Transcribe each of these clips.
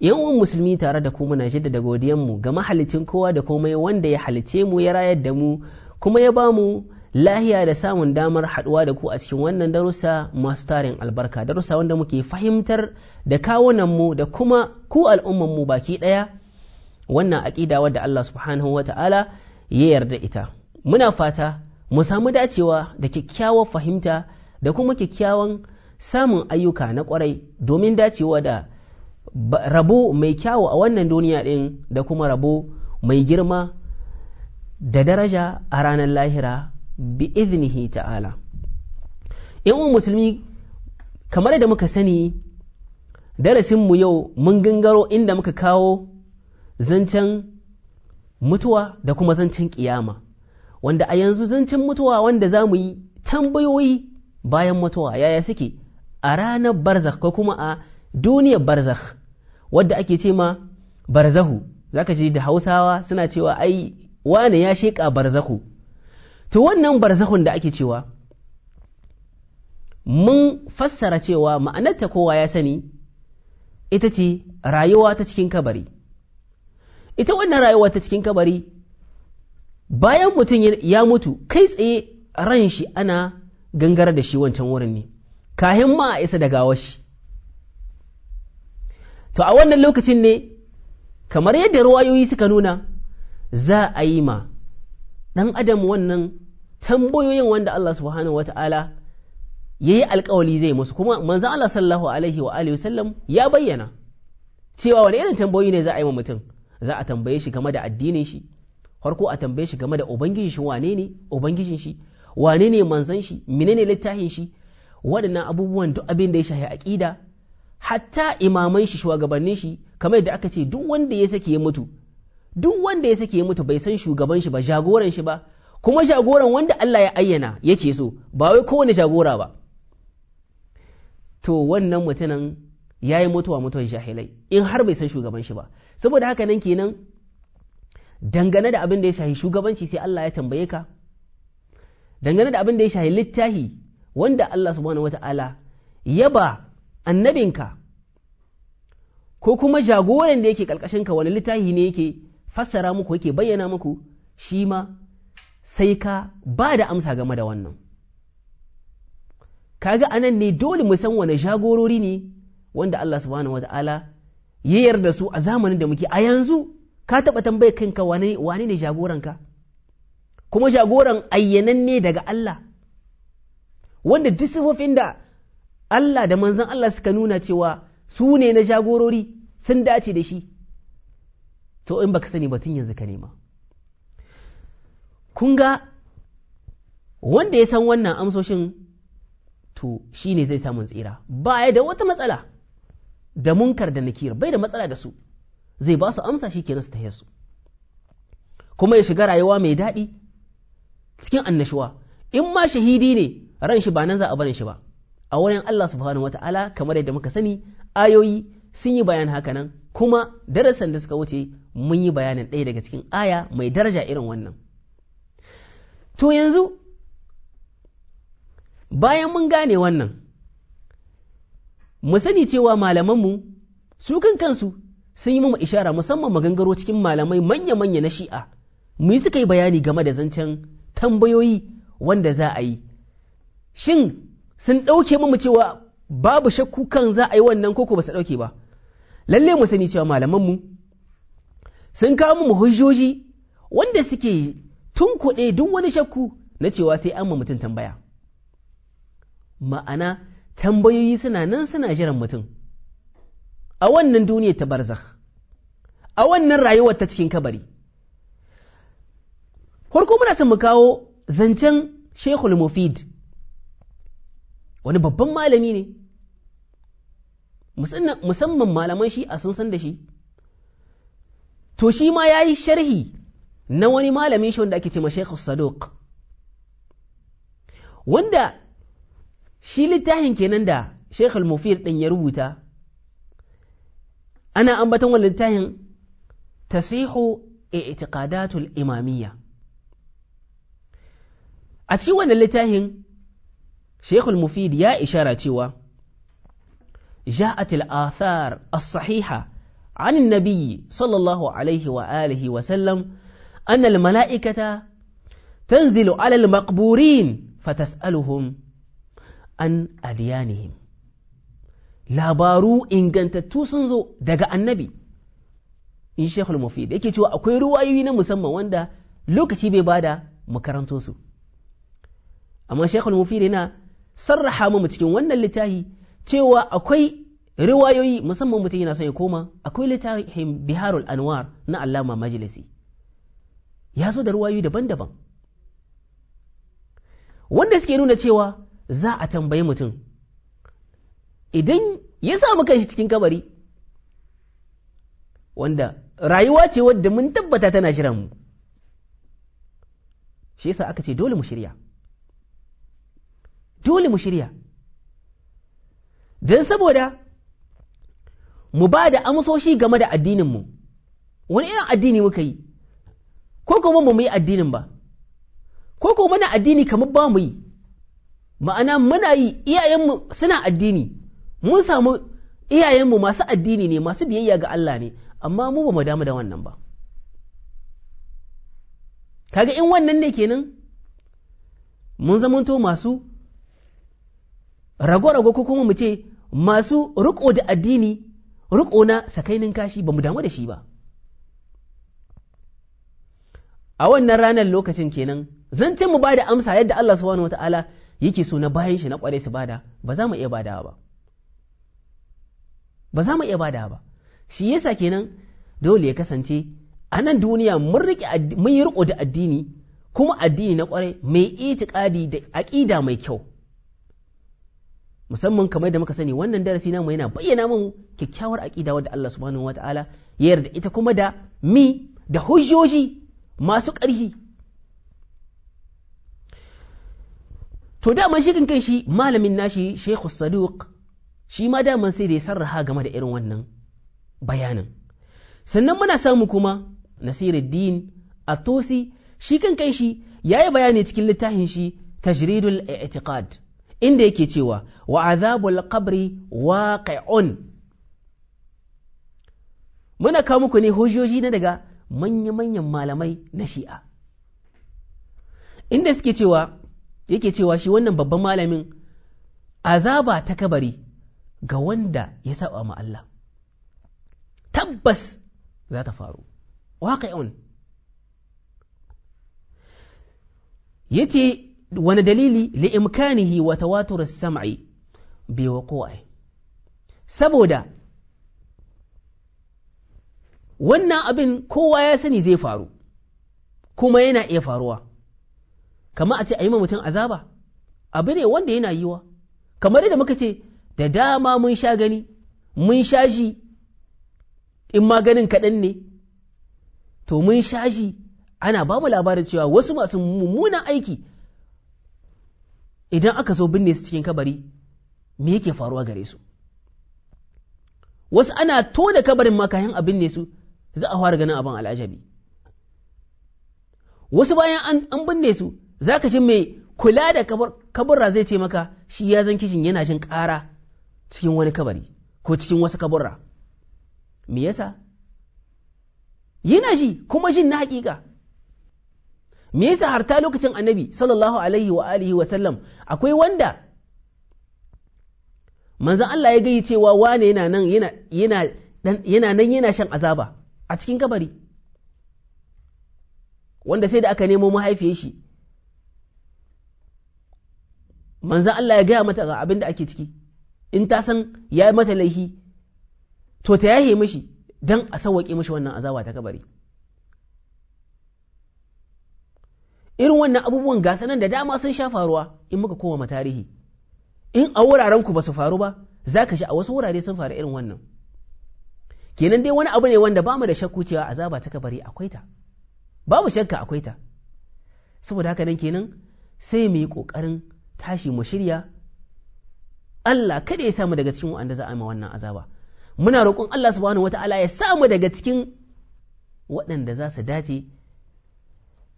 yawan musulmi tare da ku muna jaddada mu ga mahalicin kowa da komai wanda ya halice mu ya rayar da mu kuma ya ba mu lahiya da samun damar haɗuwa da ku a cikin wannan darussa masu tarin albarka darussa wanda muke fahimtar da kawunan mu da kuma ku al'umman mu baki ɗaya wannan aƙida wadda Allah subhanahu wa ta'ala ya yarda ita muna fata mu samu dacewa da kyakkyawar fahimta da kuma kyakkyawan samun ayyuka na kwarai domin dacewa da rabo mai kyawu a wannan duniya ɗin da kuma rabo mai girma da daraja a ranar lahira bi iznihi ta'ala in musulmi kamar da muka sani darasin mu yau mun gangaro inda muka kawo zancen mutuwa da kuma zancen kiyama wanda a yanzu zancen mutuwa wanda za mu yi tambayoyi bayan mutuwa yaya suke a ranar barzakh ko kuma a duniyar barzakh wadda ake ce ma barzahu zaka ji da hausawa suna cewa ai wane ya sheƙa barzahu to wannan barzahun da ake cewa mun fassara cewa ma'anarta kowa ya sani ita ce rayuwa ta cikin kabari ita wannan rayuwa ta cikin kabari bayan mutum ya mutu kai tsaye ran shi ana gangara da shi wancan wurin ne kahin ma a isa da gawashi to a wannan lokacin ne kamar yadda ruwayoyi suka nuna za a yi ma ɗan adam wannan tambayoyin wanda Allah subhanahu wa ta'ala ya yi alkawali zai musu kuma manzo Allah sallahu alaihi wa alihi wasallam ya bayyana cewa wani irin tambayoyi ne za a yi ma mutum za a tambaye shi game da addinin shi farko a tambaye shi game da ubangijin shi wane ne ubangijin shi wane ne manzon shi menene littafin shi waɗannan abubuwan duk abin da ya shahi aqida hatta imaman shi shugabannin shi kamar yadda aka ce duk wanda ya sake ya mutu duk wanda ya sake ya mutu bai san shugaban shi ba jagoran shi ba kuma jagoran wanda Allah ya ayyana yake so ba wai kowane jagora ba to wannan mutumin ya yi mutuwa mutuwar jahilai in har bai san shugaban shi ba saboda haka nan kenan dangane da abin da ya shahi shugabanci sai Allah ya tambaye ka dangane da abin da ya shahi littahi wanda Allah subhanahu wata'ala ya ba annabinka ko kuma jagoran da yake ƙarƙashinka wani littafi ne yake fassara muku yake bayyana muku shi ma sai ka ba da amsa game da wannan kaga anan ne dole mu san wani jagorori ne wanda Allah subhanahu wata'ala ya yarda su a zamanin da muke a yanzu ka taɓa tambayar kanka wane ne ka. kuma jagoran ayyanan ne daga Allah wanda duk da Allah da manzan Allah suka nuna cewa su ne na jagorori sun dace da shi to in baka sani batun yanzu ka nema kun ga wanda ya san wannan amsoshin to shi ne zai samun tsira baya da wata matsala da munkar da nakir bai da matsala da su zai ba su amsa shi kenan su tahe su kuma ya shiga rayuwa mai daɗi cikin annashuwa in ma shahidi ne ran shi ba nan za a barin shi ba a wurin Allah subhanahu wata'ala kamar yadda muka sani ayoyi sun yi bayan nan, kuma darasin da suka wuce mun yi bayanin ɗaya daga cikin aya mai daraja irin wannan to yanzu bayan mun gane wannan mu sani cewa malamanmu su kan kansu sun yi mu ishara musamman magangaro cikin malamai manya-manya na shi'a mu suka yi bayani game da zancen tambayoyi wanda za a yi shin sun ɗauke mu cewa babu shakku kan za a yi wannan koko ba su ɗauke ba lalle mu sani cewa malamanmu sun kawo mu hujjoji wanda suke tun tunkuɗe duk wani shakku na cewa sai an ma mutum tambaya ma'ana tambayoyi suna nan suna jiran mutum a wannan duniyar ta barzakh a wannan rayuwar ta cikin kabari farko muna son mu kawo zancen shekul mufid wani babban malami ne musamman malaman shi'a sun san da shi to shi ma ya yi sharhi na wani malami shi wanda ake ce Sheikh Saduq wanda shi littafin kenan da Sheikh Al-Mufid ɗin ya rubuta ana ambaton wani littafin tasihu i'tiqadatul imamiyya a cikin wannan littafin Sheikhul Mufid ya ishara cewa جاءت الآثار الصحيحة عن النبي صلى الله عليه وآله وسلم أن الملائكة تنزل على المقبورين فتسألهم an أديانهم labaru ingantattu sun zo daga annabi in shekul mufid yake cewa akwai ruwayoyi na musamman wanda lokaci bai bada makarantarsu. amma shekul mufid yana sarraha mu cikin wannan littafi cewa akwai riwayoyi musamman mutum yana son ya koma akwai littafin biharul anwar na allama majalisi ya zo da riwayoyi daban-daban wanda suke nuna cewa za a tambayi mutum idan ya samu kanshi cikin kabari wanda rayuwa ce wadda mun tabbata tana shirin mu shi yasa aka ce dole mu shirya dole mu shirya don saboda mu ba da amsoshi game da addininmu wani irin addini muka yi ko kuma mu yi addinin ba ko kuma muna addini kamar ba mu yi ma'ana muna yi iyayenmu suna addini mun samu iyayenmu masu addini ne masu biyayya ga Allah ne amma mu ba mu damu da wannan ba kaga in wannan ne kenan mun zamanto masu rago-rago ko kuma mu ce masu riko da addini riko na sakainin kashi ba mu damu da shi ba a wannan ranar lokacin kenan zan ce mu ba da amsa yadda Allah subhanahu wata'ala yake so na bayan shi na kware su bada ba za mu iya badawa ba ba za mu iya badawa ba shi yasa kenan dole ya kasance a nan duniya mun riƙe mun yi riko da addini kuma addini na kware mai itiƙadi da aƙida mai kyau musamman kamar da muka sani wannan darasi namu yana bayyana mun kyakkyawar aƙida wadda Allah subhanahu wataala ya yarda ita kuma da mi da hujjoji masu ƙarfi to dama shi kan shi malamin nashi Sheikh Saduq shi ma daman sai da ya sarraha game da irin wannan bayanin sannan muna samu kuma Nasiruddin atusi shi kan kai shi yayi bayani cikin littafin shi Tajridul I'tiqad inda yake cewa wa azabul qabri waqi'un muna kawo muku ne hujjoji na daga manya-manyan malamai na shi'a inda suke cewa yake cewa shi wannan babban malamin azaba ta kabari ga wanda ya saba ma Allah tabbas za ta faru waqi'un yace wani dalili li'imkanihi wa tawatur sam'i bi wuqu'i saboda wannan abin kowa ya sani zai faru kuma yana iya faruwa kamar a ce a yi mutum azaba abu ne wanda yana yiwa kamar yadda muka ce da dama mun sha gani mun sha shi in maganin kaɗan ne to mun sha shi ana ba mu labarin cewa wasu masu mummunan aiki idan aka so binne su cikin kabari me yake faruwa gare su wasu ana tona kabarin ma kayan a binne su za a fara ganin abin al'ajabi wasu bayan an binne su za ka ji mai kula da kaburra zai ce maka shi ya zan kishin yana jin ƙara cikin wani kabari ko cikin wasu kaburra me yasa yana ji kuma jin na hakika me yasa harta lokacin annabi sallallahu alaihi wa alihi wa sallam akwai wanda manzon Allah ya gayi cewa wane yana nan yana yana yana nan yana shan azaba a cikin kabari wanda sai da aka nemo mahaifiyar shi manzon Allah ya gaya mata ga abin da ake ciki in ta san ya mata laifi to ta yahe mishi dan a sauwaƙe mishi wannan azaba ta kabari irin wannan abubuwan gasa nan da dama sun sha faruwa in muka koma tarihi in a wuraren ku ba su faru ba za ka sha a wasu wurare sun faru irin wannan kenan dai wani abu ne wanda ba mu da shakku cewa azaba ta kabari akwai ta babu shakka akwai ta saboda haka nan kenan sai mu yi ƙoƙarin tashi mu shirya Allah kada ya samu daga cikin wanda za a yi ma wannan azaba muna roƙon Allah subhanahu wata'ala ya samu daga cikin waɗanda za su dace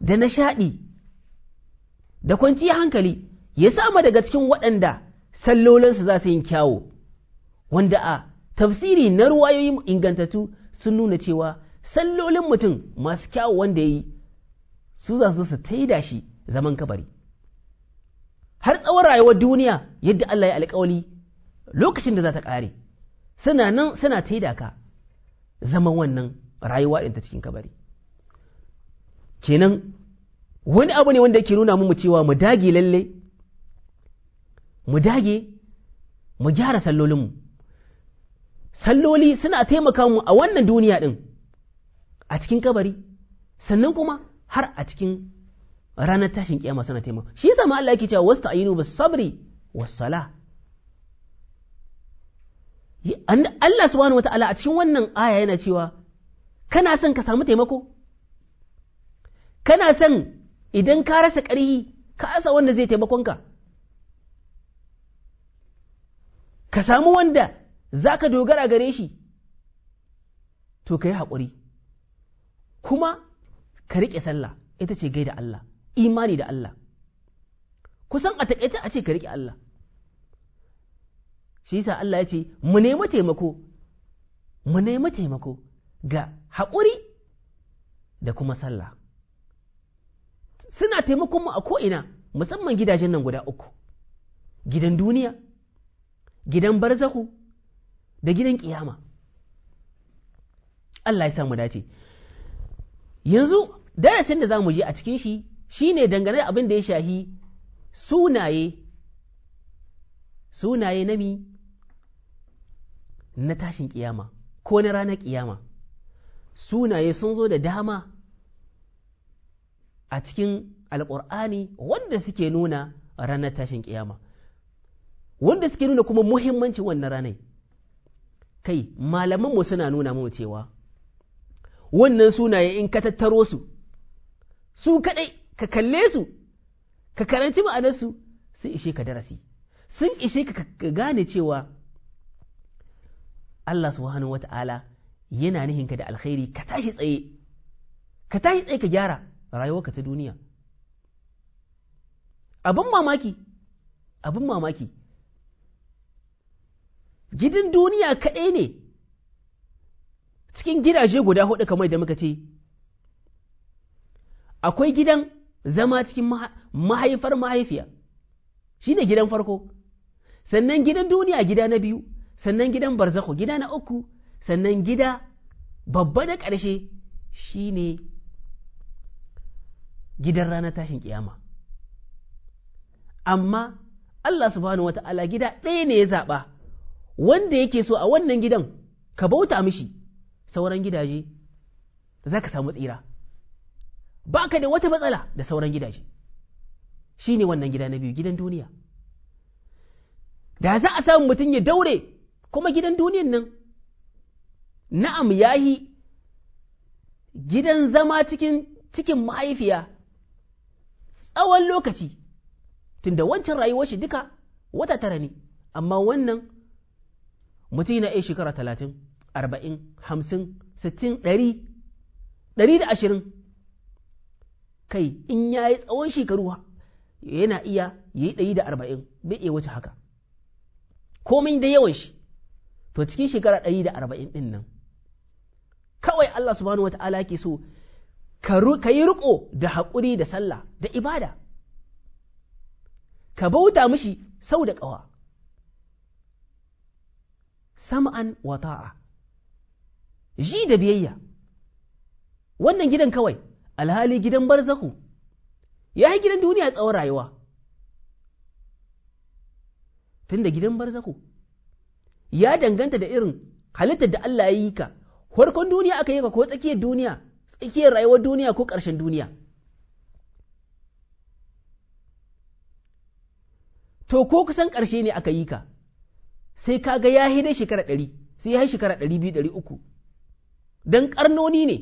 da nishaɗi da kwanciyar hankali ya sama daga cikin waɗanda sallolinsu za su yin kyawo wanda a tafsiri na ruwayoyi ingantattu sun nuna cewa sallolin mutum masu kyawo wanda ya yi su za su su taida shi zaman kabari har tsawon rayuwar duniya yadda Allah ya alƙawali lokacin da za ta ƙare suna nan suna taida ka zaman wannan rayuwa ɗinta cikin kabari kenan wani abu ne wanda yake nuna mu cewa mu dage lalle mu dage mu gyara sallolinmu salloli suna taimaka mu a wannan duniya ɗin a cikin kabari sannan kuma har a cikin ranar tashin kiyama suna taimaka shi yasa ma Allah yake cewa wasta ayinu bis sabri was sala Allah subhanahu wata'ala a cikin wannan aya yana cewa kana son ka samu taimako kana son idan ka rasa ƙarhi ka asa wanda zai taimakonka ka samu wanda za ka dogara gare shi to ka yi haƙuri kuma ka riƙe sallah ita ce gaida Allah imani da Allah kusan a taƙaice a ce ka riƙe Allah shi yasa Allah ya ce mu nemi taimako mu nemi taimako ga haƙuri da kuma sallah suna taimakon mu a ko'ina musamman gidajen nan guda uku gidan duniya gidan barzahu da gidan ƙiyama. Allah ya samu dace yanzu darasin da za mu je a cikin shi shine dangane abin da ya shahi sunaye sunaye nami na tashin ƙiyama ko na ranar ƙiyama. sunaye sun zo da dama a cikin alƙur'ani wanda suke nuna ranar tashin kiyama wanda suke nuna kuma muhimmancin wannan ranar kai malamanmu suna nuna mu cewa wannan sunaye in ka tattaro su su kaɗai ka kalle su ka karanci ma'anarsu sun ishe ka darasi sun ishe ka gane cewa Allah subhanahu wata'ala yana nihinka da alkhairi ka tashi tsaye ka tashi tsaye ka gyara rayuwarka ta duniya abin mamaki abin mamaki gidan duniya kaɗai ne cikin gidaje guda hudu kamar da muka ce akwai gidan zama cikin mahaifar mahaifiya shi ne gidan farko sannan gidan duniya gida na biyu sannan gidan barzakho gida na uku sannan gida babba na ƙarshe shi ne gidan ranar tashin kiyama amma Allah subhanahu wata'ala gida ɗaya ne ya zaɓa wanda yake so a wannan gidan ka bauta mishi sauran gidaje za ka samu tsira ba ka da wata matsala da sauran gidaje shi ne wannan gida na biyu gidan duniya da za a samu mutum ya daure kuma gidan duniyan nan na'am yahi gidan zama cikin cikin mahaifiya tsawon lokaci tunda wancan rayuwar shi duka wata tara ne amma wannan mutum na iya shekara talatin arba'in hamsin sittin ɗari ɗari da ashirin kai in ya yi tsawon shekaru yana iya yi ɗari da arba'in bai iya wuce haka komai da yawan shi to cikin shekara ɗari da arba'in ɗin nan kawai Allah subhanahu wa ta'ala ke so ka yi riƙo da haƙuri da sallah da ibada ka bauta mishi sau da ƙawa sam'an wata'a ji da biyayya wannan gidan kawai alhali gidan barzaku. ya yi gidan duniya tsawon rayuwa tunda gidan barzaku. ya danganta da irin halittar da Allah ya yi ka farkon duniya aka yi ka ko tsakiyar duniya tsakiyar rayuwar duniya ko ƙarshen duniya to ko kusan ƙarshe ne aka yi ka sai ka ga ya dai shekara ɗari sai ya shekara ɗari biyu ɗari uku don ƙarnoni ne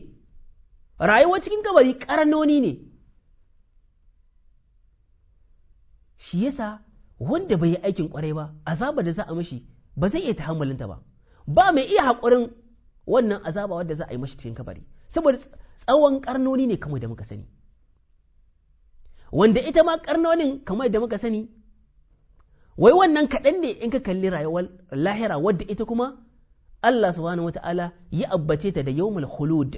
rayuwar cikin kabari ƙarnoni ne shi yasa wanda bai yi aikin ƙwarai ba azaba da za a mashi ba zai iya ta ba ba mai iya haƙurin wannan azaba wadda za a yi mashi cikin kabari saboda tsawon karnoni ne kamar da muka sani wanda ita ma karnonin kamar da muka sani wai wannan kaɗan ne in ka kalli rayuwar lahira wadda ita kuma Allah subhanahu wata'ala ya abbace ta da yawmul khulud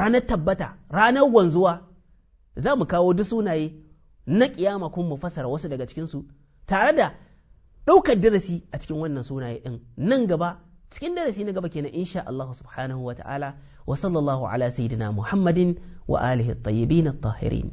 ranar tabbata ranar wanzuwa za mu kawo duk sunaye na kiyama kuma mu fasara wasu daga cikinsu tare da ɗaukar darasi a cikin wannan sunaye ɗin nan gaba cikin darasi na gaba kenan insha Allah subhanahu wa ta'ala wa sallallahu ala sayyidina Muhammadin wa alihi at-tayyibin at-tahirin